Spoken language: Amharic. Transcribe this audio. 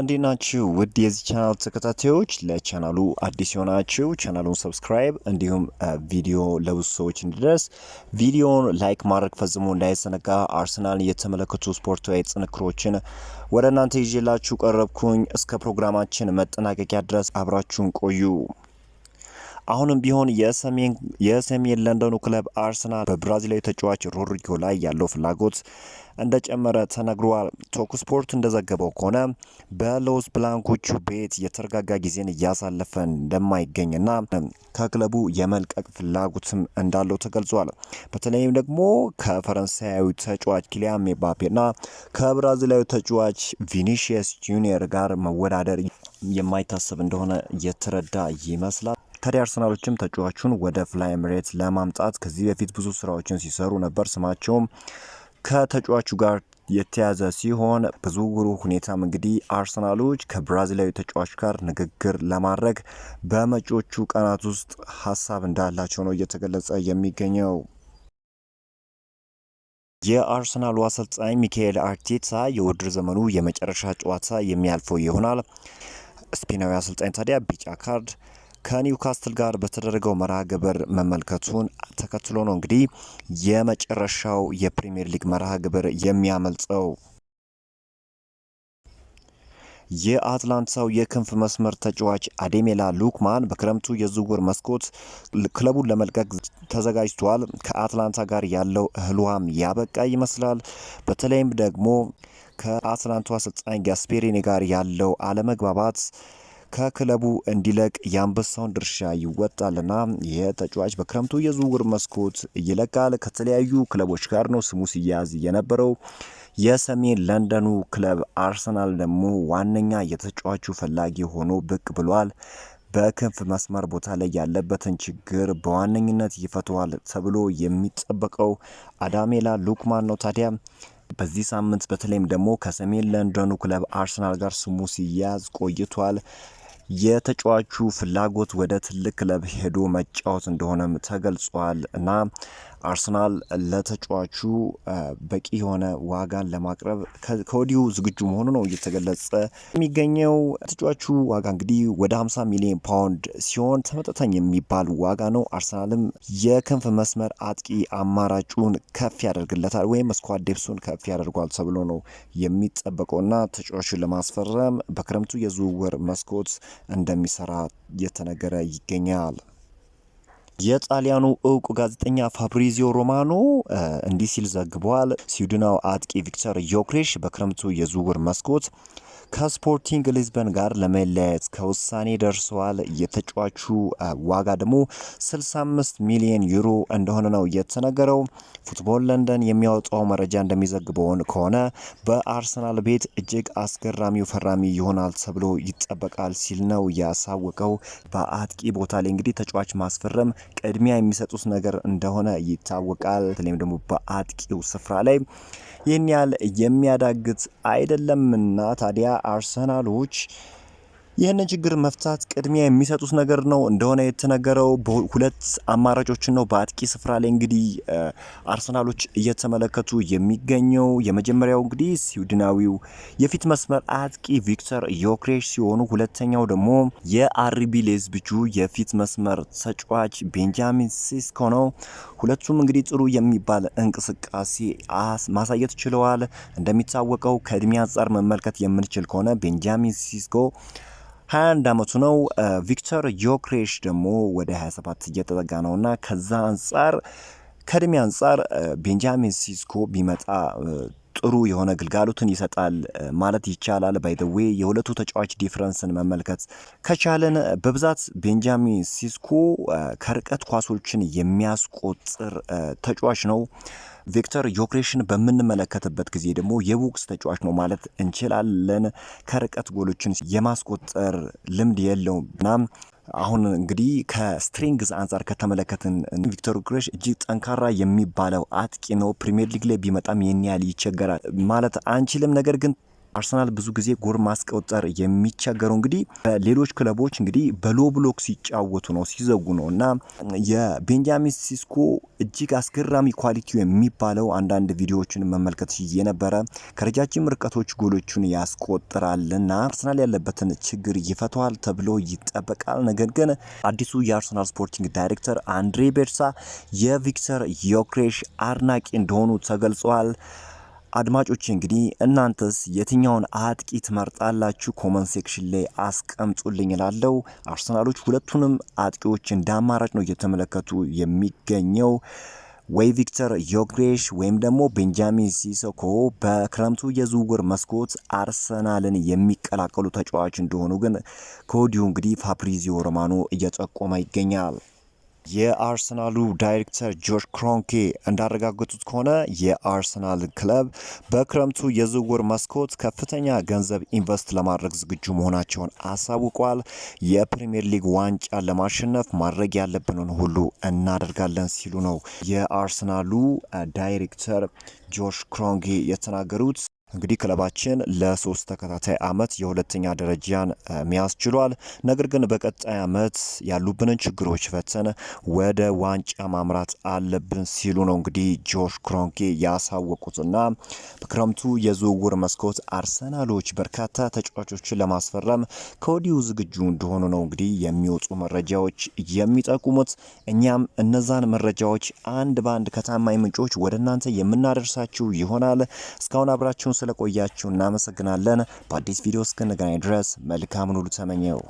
እንዴት ናችሁ ውድ የዚህ ቻናል ተከታታዮች? ለቻናሉ አዲስ የሆናችሁ ቻናሉን ሰብስክራይብ፣ እንዲሁም ቪዲዮ ለብዙ ሰዎች እንዲደርስ ቪዲዮን ላይክ ማድረግ ፈጽሞ እንዳይዘነጋ። አርሰናል የተመለከቱ ስፖርታዊ ጥንክሮችን ወደ እናንተ ይዤላችሁ ቀረብኩኝ። እስከ ፕሮግራማችን መጠናቀቂያ ድረስ አብራችሁን ቆዩ። አሁንም ቢሆን የሰሜን ለንደኑ ክለብ አርሰናል በብራዚላዊ ተጫዋች ሮድሪጎ ላይ ያለው ፍላጎት እንደጨመረ ተነግሯል። ቶክ ስፖርት እንደዘገበው ከሆነ በሎስ ብላንኮቹ ቤት የተረጋጋ ጊዜን እያሳለፈ እንደማይገኝና ከክለቡ የመልቀቅ ፍላጎትም እንዳለው ተገልጿል። በተለይም ደግሞ ከፈረንሳያዊ ተጫዋች ኪሊያን ምባፔና ከብራዚላዊ ተጫዋች ቪኒሽስ ጁኒየር ጋር መወዳደር የማይታሰብ እንደሆነ እየተረዳ ይመስላል። ታዲያ አርሰናሎችም ተጫዋቹን ወደ ፍላይ ኤምሬትስ ለማምጣት ከዚህ በፊት ብዙ ስራዎችን ሲሰሩ ነበር። ስማቸውም ከተጫዋቹ ጋር የተያዘ ሲሆን በዝውውሩ ሁኔታም እንግዲህ አርሰናሎች ከብራዚላዊ ተጫዋች ጋር ንግግር ለማድረግ በመጪዎቹ ቀናት ውስጥ ሀሳብ እንዳላቸው ነው እየተገለጸ የሚገኘው። የአርሰናሉ አሰልጣኝ ሚካኤል አርቴታ የውድድር ዘመኑ የመጨረሻ ጨዋታ የሚያልፈው ይሆናል። ስፔናዊ አሰልጣኝ ታዲያ ቢጫ ካርድ ከኒውካስትል ጋር በተደረገው መርሃ ግብር መመልከቱን ተከትሎ ነው እንግዲህ የመጨረሻው የፕሪምየር ሊግ መርሃ ግብር የሚያመልጸው የአትላንታው የክንፍ መስመር ተጫዋች አዴሜላ ሉክማን በክረምቱ የዝውውር መስኮት ክለቡን ለመልቀቅ ተዘጋጅቷል። ከአትላንታ ጋር ያለው እህል ውሃም ያበቃ ይመስላል። በተለይም ደግሞ ከአትላንቱ አሰልጣኝ ጋስፔሪኒ ጋር ያለው አለመግባባት ከክለቡ እንዲለቅ የአንበሳውን ድርሻ ይወጣልና ይህ ተጫዋች በክረምቱ የዝውውር መስኮት ይለቃል። ከተለያዩ ክለቦች ጋር ነው ስሙ ሲያያዝ የነበረው። የሰሜን ለንደኑ ክለብ አርሰናል ደግሞ ዋነኛ የተጫዋቹ ፈላጊ ሆኖ ብቅ ብሏል። በክንፍ መስመር ቦታ ላይ ያለበትን ችግር በዋነኝነት ይፈተዋል ተብሎ የሚጠበቀው አዳሜላ ሉክማን ነው። ታዲያ በዚህ ሳምንት በተለይም ደግሞ ከሰሜን ለንደኑ ክለብ አርሰናል ጋር ስሙ ሲያያዝ ቆይቷል። የተጫዋቹ ፍላጎት ወደ ትልቅ ክለብ ሄዶ መጫወት እንደሆነም ተገልጿል እና አርሰናል ለተጫዋቹ በቂ የሆነ ዋጋን ለማቅረብ ከወዲሁ ዝግጁ መሆኑ ነው እየተገለጸ የሚገኘው። ተጫዋቹ ዋጋ እንግዲህ ወደ 50 ሚሊዮን ፓውንድ ሲሆን ተመጣጣኝ የሚባል ዋጋ ነው። አርሰናልም የክንፍ መስመር አጥቂ አማራጩን ከፍ ያደርግለታል ወይም ስኳድ ዴፕሱን ከፍ ያደርጓል ተብሎ ነው የሚጠበቀውና ተጫዋቹን ለማስፈረም በክረምቱ የዝውውር መስኮት እንደሚሰራ እየተነገረ ይገኛል። የጣሊያኑ እውቁ ጋዜጠኛ ፋብሪዚዮ ሮማኖ እንዲህ ሲል ዘግቧል። ስዊድናዊ አጥቂ ቪክተር ዮክሬሽ በክረምቱ የዝውውር መስኮት ከስፖርቲንግ ሊዝበን ጋር ለመለያየት ከውሳኔ ደርሰዋል። የተጫዋቹ ዋጋ ደግሞ 65 ሚሊዮን ዩሮ እንደሆነ ነው የተነገረው። ፉትቦል ለንደን የሚያወጣው መረጃ እንደሚዘግበውን ከሆነ በአርሰናል ቤት እጅግ አስገራሚው ፈራሚ ይሆናል ተብሎ ይጠበቃል ሲል ነው ያሳወቀው። በአጥቂ ቦታ ላይ እንግዲህ ተጫዋች ማስፈረም ቅድሚያ የሚሰጡት ነገር እንደሆነ ይታወቃል። በተለይም ደግሞ በአጥቂው ስፍራ ላይ ይህን ያህል የሚያዳግት አይደለምና ታዲያ Arsenal Lute ይህንን ችግር መፍታት ቅድሚያ የሚሰጡት ነገር ነው እንደሆነ የተነገረው። ሁለት አማራጮች ነው በአጥቂ ስፍራ ላይ እንግዲህ አርሰናሎች እየተመለከቱ የሚገኘው። የመጀመሪያው እንግዲህ ስዊድናዊው የፊት መስመር አጥቂ ቪክተር ዮክሬሽ ሲሆኑ ሁለተኛው ደግሞ የአርቢ ሌዝብጁ የፊት መስመር ተጫዋች ቤንጃሚን ሲስኮ ነው። ሁለቱም እንግዲህ ጥሩ የሚባል እንቅስቃሴ ማሳየት ችለዋል። እንደሚታወቀው ከእድሜ አንጻር መመልከት የምንችል ከሆነ ቤንጃሚን ሲስኮ 21 ዓመቱ ነው። ቪክተር ዮክሬሽ ደግሞ ወደ 27 እየተጠጋ እና ከዛ አንጻር ከእድሜ አንጻር ቤንጃሚን ሲስኮ ቢመጣ ጥሩ የሆነ ግልጋሎትን ይሰጣል ማለት ይቻላል። ባይደዌ የሁለቱ ተጫዋች ዲፍረንስን መመልከት ከቻለን በብዛት ቤንጃሚን ሲስኮ ከርቀት ኳሶችን የሚያስቆጥር ተጫዋች ነው። ቪክተር ዮክሬሽን በምንመለከትበት ጊዜ ደግሞ የቦክስ ተጫዋች ነው ማለት እንችላለን። ከርቀት ጎሎችን የማስቆጠር ልምድ የለውም እና አሁን እንግዲህ ከስትሪንግዝ አንጻር ከተመለከትን ቪክተር ዮክሬሽ እጅግ ጠንካራ የሚባለው አጥቂ ነው። ፕሪሚየር ሊግ ላይ ቢመጣም ይህን ያህል ይቸገራል ማለት አንችልም። ነገር ግን አርሰናል ብዙ ጊዜ ጎል ማስቆጠር የሚቸገረው እንግዲህ ሌሎች ክለቦች እንግዲህ በሎ ብሎክ ሲጫወቱ ነው ሲዘጉ ነው እና የቤንጃሚን ሲስኮ እጅግ አስገራሚ ኳሊቲው የሚባለው አንዳንድ ቪዲዮዎችን መመልከት የነበረ ከረጃጅም ርቀቶች ጎሎቹን ያስቆጥራልና አርሰናል ያለበትን ችግር ይፈተዋል ተብሎ ይጠበቃል። ነገር ግን አዲሱ የአርሰናል ስፖርቲንግ ዳይሬክተር አንድሬ ቤርሳ የቪክተር ዮክሬሽ አድናቂ እንደሆኑ ተገልጿል። አድማጮች እንግዲህ እናንተስ የትኛውን አጥቂ ትመርጣላችሁ? ኮመን ሴክሽን ላይ አስቀምጡልኝ እላለሁ። አርሰናሎች ሁለቱንም አጥቂዎች እንደ አማራጭ ነው እየተመለከቱ የሚገኘው። ወይ ቪክተር ዮግሬሽ ወይም ደግሞ ቤንጃሚን ሲሶኮ በክረምቱ የዝውውር መስኮት አርሰናልን የሚቀላቀሉ ተጫዋች እንደሆኑ ግን ከወዲሁ እንግዲህ ፋብሪዚዮ ሮማኖ እየጠቆመ ይገኛል። የአርሰናሉ ዳይሬክተር ጆሽ ክሮንኬ እንዳረጋገጡት ከሆነ የአርሰናል ክለብ በክረምቱ የዝውውር መስኮት ከፍተኛ ገንዘብ ኢንቨስት ለማድረግ ዝግጁ መሆናቸውን አሳውቋል። የፕሪምየር ሊግ ዋንጫ ለማሸነፍ ማድረግ ያለብንን ሁሉ እናደርጋለን ሲሉ ነው የአርሰናሉ ዳይሬክተር ጆሽ ክሮንኬ የተናገሩት። እንግዲህ ክለባችን ለሶስት ተከታታይ አመት የሁለተኛ ደረጃን መያዝ ችሏል። ነገር ግን በቀጣይ አመት ያሉብንን ችግሮች ፈተን ወደ ዋንጫ ማምራት አለብን ሲሉ ነው እንግዲህ ጆሽ ክሮንኬ ያሳወቁትና በክረምቱ የዝውውር መስኮት አርሰናሎች በርካታ ተጫዋቾችን ለማስፈረም ከወዲሁ ዝግጁ እንደሆኑ ነው እንግዲህ የሚወጡ መረጃዎች የሚጠቁሙት። እኛም እነዛን መረጃዎች አንድ በአንድ ከታማኝ ምንጮች ወደ እናንተ የምናደርሳችሁ ይሆናል። እስካሁን አብራችሁን ስለቆያችሁ እናመሰግናለን። በአዲስ ቪዲዮ እስክንገናኝ ድረስ መልካምን ሁሉ ተመኘው።